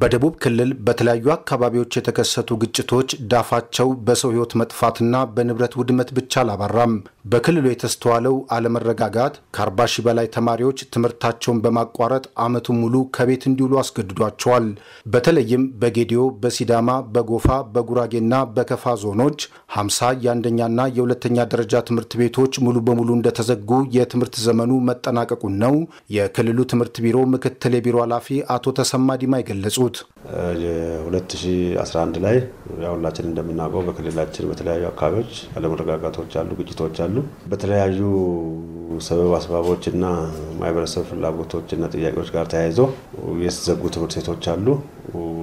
በደቡብ ክልል በተለያዩ አካባቢዎች የተከሰቱ ግጭቶች ዳፋቸው በሰው ሕይወት መጥፋትና በንብረት ውድመት ብቻ አላባራም። በክልሉ የተስተዋለው አለመረጋጋት ከ40 ሺህ በላይ ተማሪዎች ትምህርታቸውን በማቋረጥ ዓመቱን ሙሉ ከቤት እንዲውሉ አስገድዷቸዋል። በተለይም በጌዲዮ፣ በሲዳማ፣ በጎፋ፣ በጉራጌና በከፋ ዞኖች 50 የአንደኛና የሁለተኛ ደረጃ ትምህርት ቤቶች ሙሉ በሙሉ እንደተዘጉ የትምህርት ዘመኑ መጠናቀቁን ነው የክልሉ ትምህርት ቢሮ ምክትል የቢሮ ኃላፊ አቶ ተሰማ ዲማ የሚገልጹት። 2011 ላይ ሁላችን እንደምናውቀው በክልላችን በተለያዩ አካባቢዎች አለመረጋጋቶች አሉ፣ ግጭቶች አሉ። በተለያዩ ሰበብ አስባቦችና ማህበረሰብ ፍላጎቶችና ጥያቄዎች ጋር ተያይዘው የተዘጉ ትምህርት ቤቶች አሉ።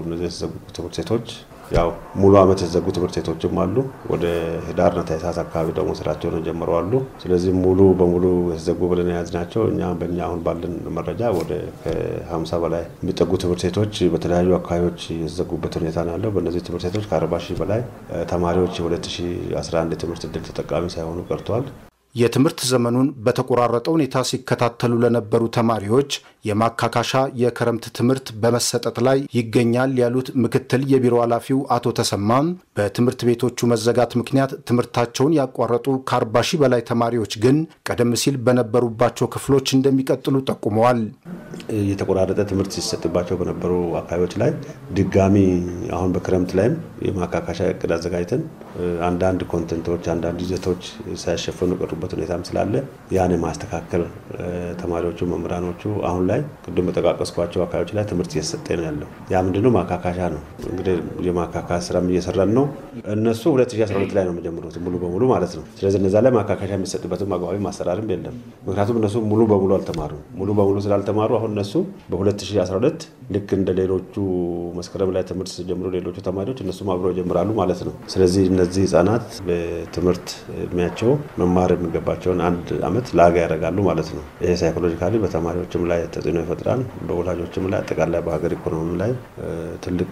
እነዚህ የተዘጉ ትምህርት ቤቶች ያው ሙሉ ዓመት የተዘጉ ትምህርት ቤቶችም አሉ። ወደ ህዳርና ታህሳስ አካባቢ ደግሞ ስራቸውን ጀምረው አሉ። ስለዚህ ሙሉ በሙሉ የተዘጉ ብለን የያዝናቸው እኛ በእኛ አሁን ባለን መረጃ ወደ ከሀምሳ በላይ የሚጠጉ ትምህርት ቤቶች በተለያዩ አካባቢዎች የተዘጉበት ሁኔታ ነው ያለው። በእነዚህ ትምህርት ቤቶች ከአርባ ሺህ በላይ ተማሪዎች የ2011 ትምህርት እድል ተጠቃሚ ሳይሆኑ ቀርተዋል። የትምህርት ዘመኑን በተቆራረጠ ሁኔታ ሲከታተሉ ለነበሩ ተማሪዎች የማካካሻ የክረምት ትምህርት በመሰጠት ላይ ይገኛል ያሉት ምክትል የቢሮ ኃላፊው አቶ ተሰማም በትምህርት ቤቶቹ መዘጋት ምክንያት ትምህርታቸውን ያቋረጡ ከ40 ሺህ በላይ ተማሪዎች ግን ቀደም ሲል በነበሩባቸው ክፍሎች እንደሚቀጥሉ ጠቁመዋል። የተቆራረጠ ትምህርት ሲሰጥባቸው በነበሩ አካባቢዎች ላይ ድጋሚ አሁን በክረምት ላይም የማካካሻ እቅድ አዘጋጅተን አንዳንድ ኮንተንቶች፣ አንዳንድ ይዘቶች ሳያሸፈኑ የቀሩበት ሁኔታም ስላለ ያን የማስተካከል ተማሪዎቹ፣ መምህራኖቹ አሁን ላይ ላይ ቅድም በጠቃቀስኳቸው አካባቢዎች ላይ ትምህርት እየተሰጠ ነው ያለው። ያ ምንድነው ማካካሻ ነው እንግዲህ የማካካሻ ስራም እየሰራን ነው። እነሱ 2012 ላይ ነው የሚጀምሩት ሙሉ በሙሉ ማለት ነው። ስለዚህ እነዛ ላይ ማካካሻ የሚሰጥበትም አግባቢ ማሰራርም የለም። ምክንያቱም እነሱ ሙሉ በሙሉ አልተማሩም። ሙሉ በሙሉ ስላልተማሩ አሁን እነሱ በ2012 ልክ እንደ ሌሎቹ መስከረም ላይ ትምህርት ሲጀምሩ ሌሎቹ ተማሪዎች እነሱም አብረው ይጀምራሉ ማለት ነው። ስለዚህ እነዚህ ህጻናት በትምህርት እድሜያቸው መማር የሚገባቸውን አንድ አመት ላጋ ያደርጋሉ ማለት ነው። ይሄ ሳይኮሎጂካሊ በተማሪዎችም ላይ ተጽዕኖ ይፈጥራል። በወላጆችም ላይ አጠቃላይ በሀገር ኢኮኖሚ ላይ ትልቅ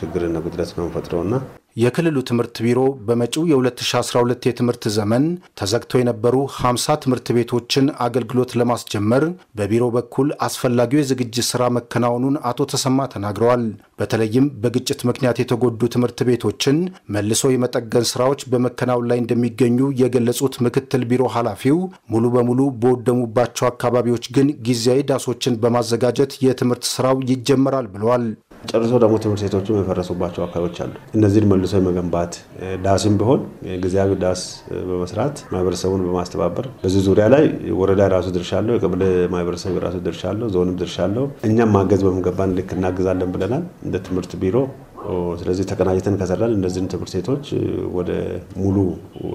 ችግርና ጉድለት ነው ፈጥረውና የክልሉ ትምህርት ቢሮ በመጪው የ2012 የትምህርት ዘመን ተዘግተው የነበሩ 50 ትምህርት ቤቶችን አገልግሎት ለማስጀመር በቢሮ በኩል አስፈላጊው የዝግጅት ሥራ መከናወኑን አቶ ተሰማ ተናግረዋል። በተለይም በግጭት ምክንያት የተጎዱ ትምህርት ቤቶችን መልሶ የመጠገን ስራዎች በመከናወን ላይ እንደሚገኙ የገለጹት ምክትል ቢሮ ኃላፊው ሙሉ በሙሉ በወደሙባቸው አካባቢዎች ግን ጊዜያዊ ዳሶችን በማዘጋጀት የትምህርት ስራው ይጀመራል ብለዋል። ጨርሶ ደግሞ ትምህርት ቤቶችም የፈረሱባቸው አካባቢዎች አሉ። እነዚህን መልሶ የመገንባት ዳስም ቢሆን ጊዜያዊ ዳስ በመስራት ማህበረሰቡን በማስተባበር በዚህ ዙሪያ ላይ ወረዳ የራሱ ድርሻ አለው፣ የቀበሌ ማህበረሰብ የራሱ ድርሻ አለው፣ ዞንም ድርሻ አለው። እኛም ማገዝ በሚገባን ልክ እናግዛለን ብለናል እንደ ትምህርት ቢሮ ስለዚህ ተቀናጅተን ከሰራን እነዚህን ትምህርት ቤቶች ወደ ሙሉ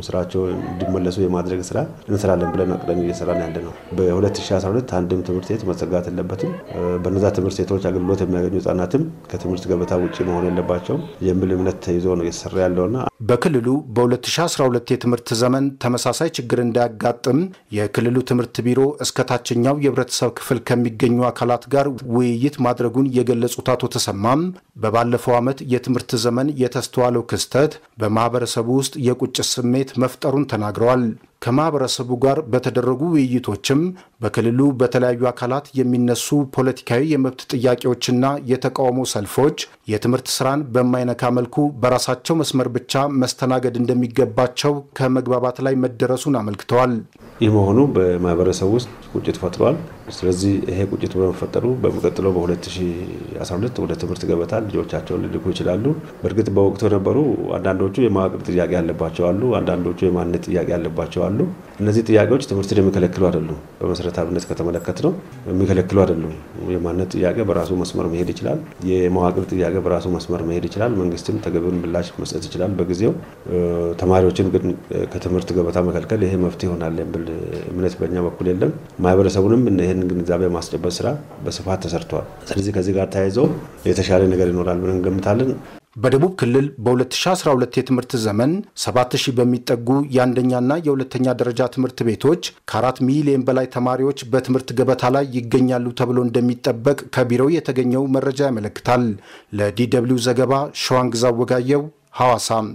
ስራቸው እንዲመለሱ የማድረግ ስራ እንሰራለን ብለን አቅደን እየሰራን ያለ ነው። በ2012 አንድም ትምህርት ቤት መዘጋት የለበትም፣ በነዛ ትምህርት ቤቶች አገልግሎት የሚያገኙ ህጻናትም ከትምህርት ገበታ ውጭ መሆን የለባቸውም የሚል እምነት ተይዞ ነው እየተሰራ ያለውና በክልሉ በ2012 የትምህርት ዘመን ተመሳሳይ ችግር እንዳያጋጥም የክልሉ ትምህርት ቢሮ እስከ ታችኛው የህብረተሰብ ክፍል ከሚገኙ አካላት ጋር ውይይት ማድረጉን የገለጹት አቶ ተሰማም በባለፈው ዓመት የትምህርት ዘመን የተስተዋለው ክስተት በማህበረሰቡ ውስጥ የቁጭት ስሜት መፍጠሩን ተናግረዋል። ከማህበረሰቡ ጋር በተደረጉ ውይይቶችም በክልሉ በተለያዩ አካላት የሚነሱ ፖለቲካዊ የመብት ጥያቄዎችና የተቃውሞ ሰልፎች የትምህርት ስራን በማይነካ መልኩ በራሳቸው መስመር ብቻ መስተናገድ እንደሚገባቸው ከመግባባት ላይ መደረሱን አመልክተዋል። ይህ መሆኑ በማህበረሰቡ ውስጥ ቁጭት ፈጥሯል። ስለዚህ ይሄ ቁጭት በመፈጠሩ በሚቀጥለው በ2012 ወደ ትምህርት ገበታ ልጆቻቸውን ሊልኩ ይችላሉ። በእርግጥ በወቅቱ የነበሩ አንዳንዶቹ የመዋቅር ጥያቄ ያለባቸው አሉ፣ አንዳንዶቹ የማንነት ጥያቄ ያለባቸው አሉ። እነዚህ ጥያቄዎች ትምህርት የሚከለክሉ አይደሉም። በመሰረታዊነት ከተመለከት ነው የሚከለክሉ አይደሉም። የማንነት ጥያቄ በራሱ መስመር መሄድ ይችላል። የመዋቅር ጥያቄ በራሱ መስመር መሄድ ይችላል። መንግስትም ተገቢውን ምላሽ መስጠት ይችላል በጊዜው። ተማሪዎችን ግን ከትምህርት ገበታ መከልከል ይሄ መፍትሄ ይሆናል የሚል እምነት በእኛ በኩል የለም። ማህበረሰቡንም ይህን ግንዛቤ ማስጨበጥ ስራ በስፋት ተሰርቷል። ስለዚህ ከዚህ ጋር ተያይዘው የተሻለ ነገር ይኖራል ብለን እንገምታለን። በደቡብ ክልል በ2012 የትምህርት ዘመን 7000 በሚጠጉ የአንደኛና የሁለተኛ ደረጃ ትምህርት ቤቶች ከአራት ሚሊዮን በላይ ተማሪዎች በትምህርት ገበታ ላይ ይገኛሉ ተብሎ እንደሚጠበቅ ከቢሮው የተገኘው መረጃ ያመለክታል። ለዲደብሊው ዘገባ ሸዋንግዛ ወጋየው ሐዋሳም